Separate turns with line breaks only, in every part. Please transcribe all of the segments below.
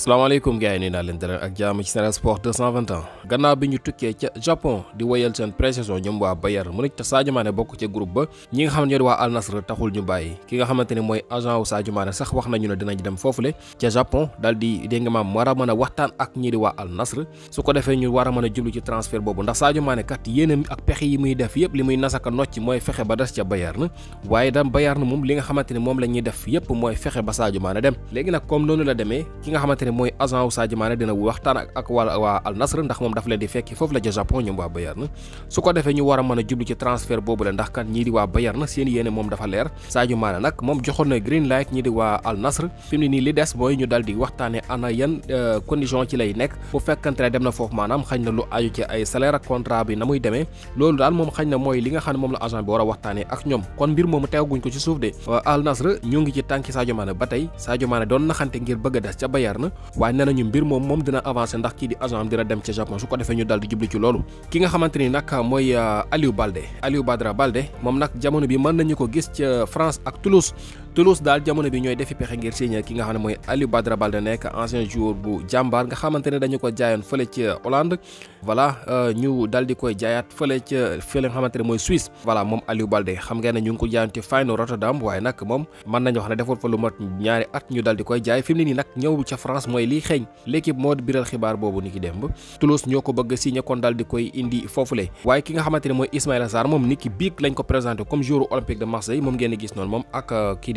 salaamaaleykum gars yi ni naa leen ak jàmm ci Sen Sport 221 gannaaw bi ñu tukkee ca Japon di wayal seen pré-saison ñoom waa mu Munich te Sadio Mané bokk ci groupe ba ñi nga xam ne waa Al Nassr taxul ñu bàyyi ki nga xamante ne mooy agent wu Sadio Mané sax wax nañu ne dinañ dem foofule ca Japon dal di dégg nga maam waxtaan ak ñi di waa Al Nassr su ko defee ñu war a mën a jublu ci transfert boobu ndax Sadio Mané kat yéenam ak pexe yi muy def yépp li muy nasaka nocc mooy fexe ba des ca na waaye dam Bayern moom li nga xamante ni moom la ñuy def yépp mooy fexe ba Sadio Mané dem léegi nag comme noonu la demee ki nga xamante mooy agent wu Sadio Mané dina waxtaan ak ak wàll waa Al Nassr ndax moom daf leen di fekki foofu la ca Japon ñoom waa Bayern su ko defee ñu war a mën a jublu ci transfert boobu la ndax kat ñii di waa Bayern seen yéene moom dafa leer Sadio Mané nag moom joxoon na green light ñii di waa Al Nassr fi mu nii li des mooy ñu dal di waxtaane ana yan euh, condition ci lay nekk bu fekkante ne dem na foofu maanaam xañ na lu ajo ci ay salaire ak contrat bi na muy demee loolu daal moom xañ na mooy li nga xam ne moom la agent a waxtaane ak ñoom kon mbir moomu teewaguñ ko ci suuf de Al Nassr ngi ci tànki Sadio Mané ba tey Sadio Mané doon naxante ngir bëgg a des ca Bayern waaye nee nañu mbir moom moom dina avancé ndax kii di agent am dina dem ca Japon su ko defee ñu dal di jubli ci loolu ki nga xamante ni nag mooy euh, Aliou balde Aliou Badara balde moom nag jamono bi mën nañu ko gis ca France ak Toulouse Toulouse daal jamono bi ñooy defi pexe ngir signé ki nga xam ne mooy Aliou Badara Baldé nekk ancien joueur bu jàmbaar nga xamante ne dañu ko jaayoon fële ci Hollande voilà euh, ñu dal koy jaayaat fële ci fële moom Aliou Baldé ñu ngi ko jaayoon ci Feyenoord Rotterdam waaye nag moom mën nañu wax ne defoon fa lu mat ñaari at ñu dal koy jaay fi mu nii nag ñëw ca France mooy liy xeeñ l'équipe moo biral xibaar boobu ni ki Toulouse ñoo ko bëgg signé kon dal koy indi foofule waaye ki nga xamante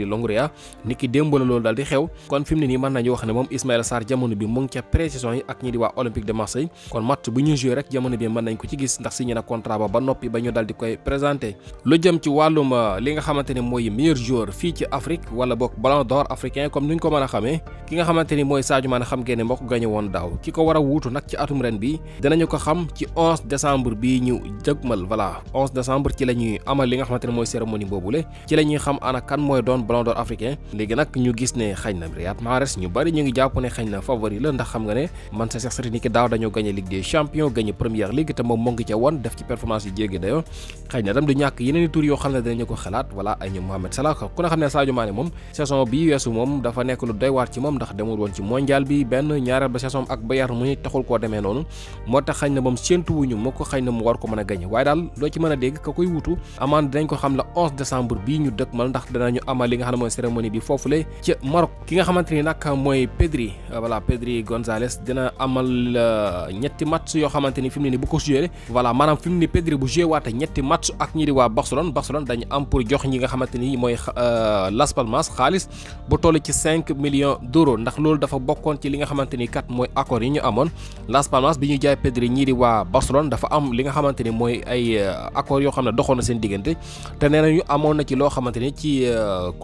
di Longoria ya. niki dembu na lolou daldi xew kon fimni ni man nañu wax ne mom ismaël Sarr jamono bi mo ngi ci pré-saison yi ak ñi di wa Olympique de Marseille kon match bu ñu jouer rek jamono bi man nañ ko ci gis ndax signé na contrat ba ba nopi ba ñu daldi koy présenter lu jëm ci walum euh, li nga xamanteni moy meilleur joueur fi ci Afrique wala bok ballon d'or africain comme niñ ko mëna xamé ki nga xamanteni moy Sadio Mané xam gene mbokk gagné won daw kiko wara wutu nak ci atum ren bi dinañu ko xam ci 11 décembre bi ñu jëgmal voilà 11 décembre ci lañuy amal li nga xamanteni moy cérémonie bobulé ci lañuy xam ana kan moy doon ballon léegi nag ñu gis ne xañ na Riyad Mahrez ñu bëri ñu ngi jàpp ne xañ na favori la ndax xam nga ne Manchester City ni daaw dañoo gagné Ligue des Champions gagné Première Ligue te moom moo ca woon def ci performance yu jéggi dayoo xëy na du ñàkk yeneen i tur yoo xam ne dinañu ko xam ne Sadio bi ñu dëkk mal ndax danañu amal nga xam mooy cérémonie bi foofu la ca Maroc ki nga xamante ni nag mooy Pedri euh, voilà Pedri Gonzalez dina amal euh, ñetti match yoo xamante ni ni bu ko joué voilà maanaam fi mu ne Pedri bu joué waate ñetti match ak ñi waa Barcelone Barcelone dañu am euh, dafa bokkoon ci li nga xamante ni kat mooy accord yi ñu amoon Las Palmas bi ñu jaay Pedri ñii waa Barcelone dafa am li nga xamante ni mooy ay accord yoo xam ne doxoon na seen diggante te nee nañu a na ci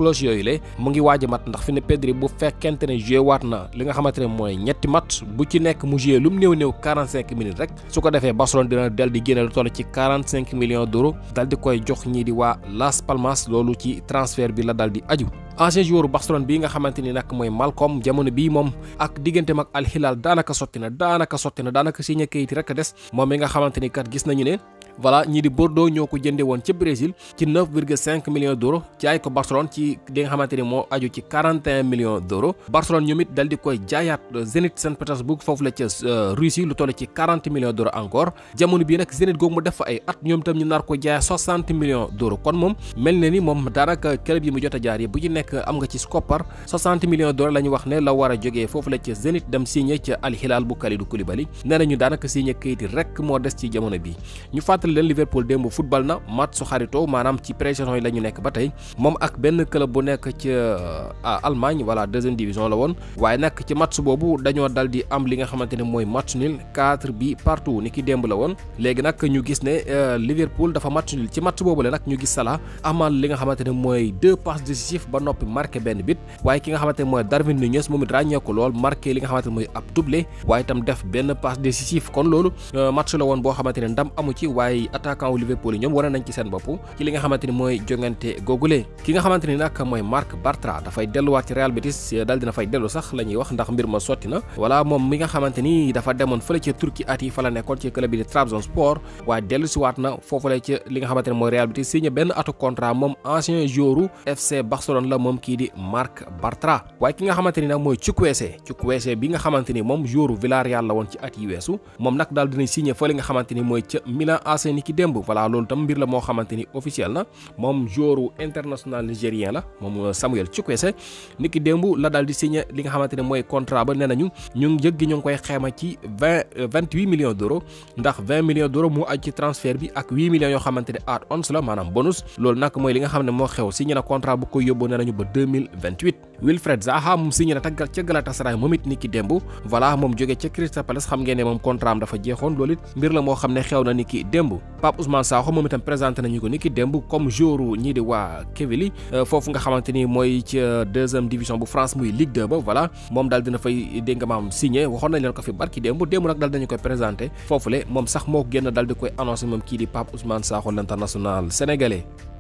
loge yooyu le mu ngi waaj a mat ndax fi ne Pedri bu fekkente ne joué waat na li nga xamante ne mooy ñetti mat bu ci nekk mu joué lu mu néew néew 45 minutes rek su ko defee Barcelone dina dal di génne lu toll ci 45 millions d'euros dal di koy jox ñii di waa Las Palmas loolu ci transfert bi la dal di aju ancien joueur Barcelone bi nga xamante ni nag mooy Malcom jamono bii moom ak digganteem ak Al Hilal daanaka sotti na daanaka sotti na daanaka signé kayit rek des moom mi nga xamante ni kat gis nañu ne voilà ñii di Bordeaux ñoo ko jënde woon ci Brésil ci 9,5 millions d'euros jaay ko Barcelone ci li nga xamante ni moo aju ci 41 millions d'euros Barcelone ñoom it dal di koy jaayaat Zenit Saint-Pétersbourg foofu la ca euh, Russie lu toll ci 40 millions d'euros encore jamono bii nag Zenit googu def fa ay at ñoom itam ñu nar ko jaay 60 millions d'euros kon moom mel na ni moom daanaka club yi mu jot a jaar yi bu ñu nekk am nga ci koppar 60 millions d'euros la ñu wax ne la war a jógee foofu la ca Zenit dem signé ca Al Hilal bu Kalidou Koulibaly nee nañu daanaka signé kayit rek moo des ci jamono bi fàttali leen Liverpool démb football na match su maanaam ci pré yi la ñu nekk ba tey moom ak benn club bu nekk ci euh, Allemagne voilà deuxième division la woon waaye nag ci match boobu dañoo dal am li nga xamante ne mooy match nul quatre bi partout ki la woon léegi nag ñu gis ne euh, Liverpool dafa match nul ci match boobu la nag ñu gis Salah ne mooy deux passes décisives ba noppi marqué benn bit waaye ki nga xamante ne mooy Darwin Nunez moom it ràññee ko lool marqué li nga xamante mooy ab doublé waaye itam def benn passe décisive kon loolu euh, match la woon boo xamante ndam amu ci waaye ay attaquant wu Liverpool ñom wone nañ ci seen bop ci li nga xamanteni moy mooy gogulé ki nga xamanteni nak moy Marc Bartra dafay wat ci Real Betis ya dal dina fay delu sax lañuy wax ndax mbir ma soti na wala mom mi nga xamanteni ni dafa demone fele ci Turki ati fa la nekkon ci club bi Trabzonspor wa delu ci wat na fofu la ci li nga xamanteni moy Real Betis signé ben atu contrat mom ancien joueuru FC Barcelone la mom Mark di Marc Bartra wa ki nga xamante ni nag mooy Chukwueze Chukwueze bi nga xamanteni mom moom joueuru Villarreal la won ci ati wessu mom nak dina signé fele nga xamanteni moy ci Milan passé ni démb voilà loolu tam mbir la moo xamante ni officiel na moom joueur international nigérien la moom euh, Samuel Chukwueze ni ki démb la daal di signé li nga xamante ne mooy contrat ba nee nañu ñu ngi euh, xamante ne add ons la maanaam bonus loolu nag mooy li nga xam ne moo xew signé na contrat bu ko yóbbu nee nañu ba Wilfred Zaha moom signé na taggal ca Galatasaray moom it ni démb voilà moom jógee ca Crystal xam ngeen moom contrat dafa jeexoon démb Pape Ousmane Sakho moom itam présenté nañu ko ni ki démb comme jour ñii di waa Quevilly euh, foofu nga xamante ni mooy ci euh, deuxième division bu France muy Ligue 2 ba voilà moom daal dina fay dégg nga maam signé waxoon nañ leen ko fi barki démb démb nag daal dañu koy présenté foofule moom sax moo génn daal di koy annoncé moom kii di Pape Ousmane Sakho l'international sénégalais.